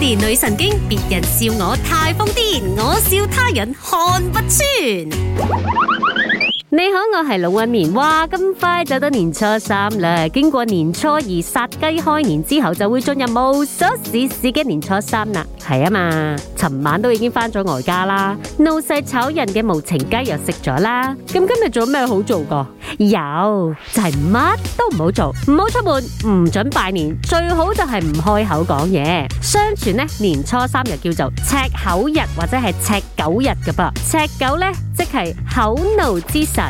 連女神經，別人笑我太瘋癲，我笑他人看不穿。你好，我係龍紋敏。哇，咁快就到了年初三啦！經過年初二殺雞開年之後，就會進入無所事事嘅年初三啦。係啊嘛，尋晚都已經返咗外家了了啦，怒勢炒人嘅無情雞又食咗啦。咁今日做咩好做個？有就係、是、乜都唔好做，唔好出門，唔准拜年，最好就係唔開口講嘢。相傳呢，年初三又叫做赤口日或者係赤狗日㗎噃，赤狗呢？即係口怒之神，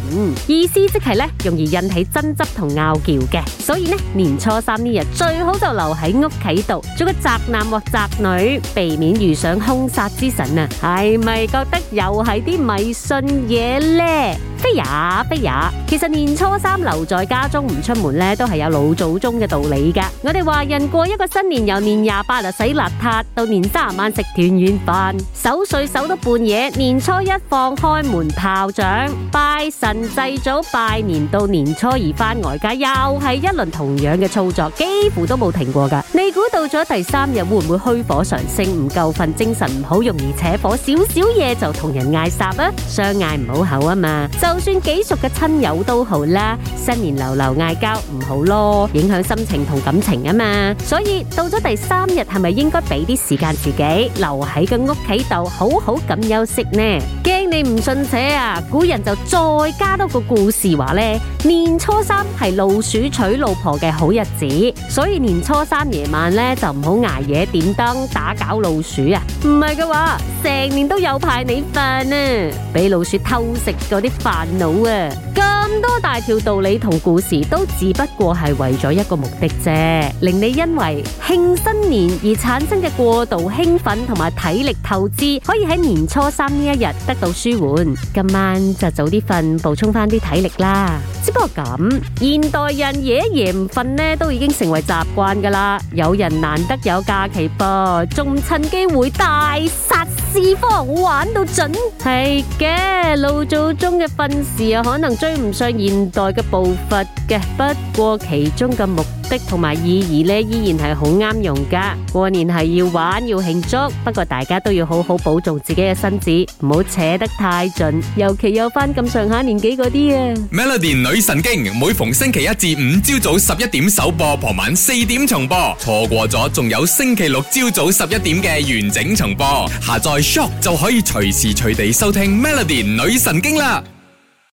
意思即係咧，容易引起爭執同拗撬嘅，所以咧年初三呢日最好就留喺屋企度做個宅男或宅女，避免遇上凶煞之神啊！係咪覺得又係啲迷信嘢咧？非也非也，其實年初三留在家中唔出門咧，都係有老祖宗嘅道理噶。我哋華人過一個新年，由年廿八啊洗邋遢，到年三十晚食團圓飯，守歲守到半夜，年初一放開門炮仗，拜神祭祖拜年，到年初二返外家又係一輪同樣嘅操作，幾乎都冇停過噶。你估到咗第三日會唔會虛火上升，唔夠瞓，精神唔好，容易扯火，少少嘢就同人嗌霎，啊，相嗌唔好口啊嘛。就算幾熟嘅親友都好啦，新年流流嗌交唔好咯，影響心情同感情啊嘛。所以到咗第三日，係咪應該俾啲時間自己留喺個屋企度好好咁休息呢？驚你唔信邪啊，古人就再加多個故事話咧，年初三係老鼠娶老婆嘅好日子，所以年初三夜晚咧就唔好挨夜點燈打攪老鼠啊。唔係嘅話。成年都有排你瞓啊！俾老鼠偷食嗰啲煩惱啊！咁多大條道理同故事都只不過係為咗一個目的啫，令你因為慶新年而產生嘅過度興奮同埋體力透支，可以喺年初三呢一日得到舒緩。今晚就早啲瞓，補充翻啲體力啦。只不過咁，現代人夜一夜唔瞓咧，都已經成為習慣噶啦。有人難得有假期噃，仲趁機會大殺！四方玩到準，係嘅老祖宗嘅訓示啊，可能追唔上現代嘅步伐嘅。不過其中嘅目的，同埋意義咧，依然係好啱用噶。過年係要玩要慶祝，不過大家都要好好保重自己嘅身子，唔好扯得太盡，尤其有翻咁上下年紀嗰啲啊。Melody 女神經每逢星期一至五朝早十一點首播，傍晚四點重播，錯過咗仲有星期六朝早十一點嘅完整重播。下載 Shock 就可以隨時隨地收聽 Melody 女神經啦。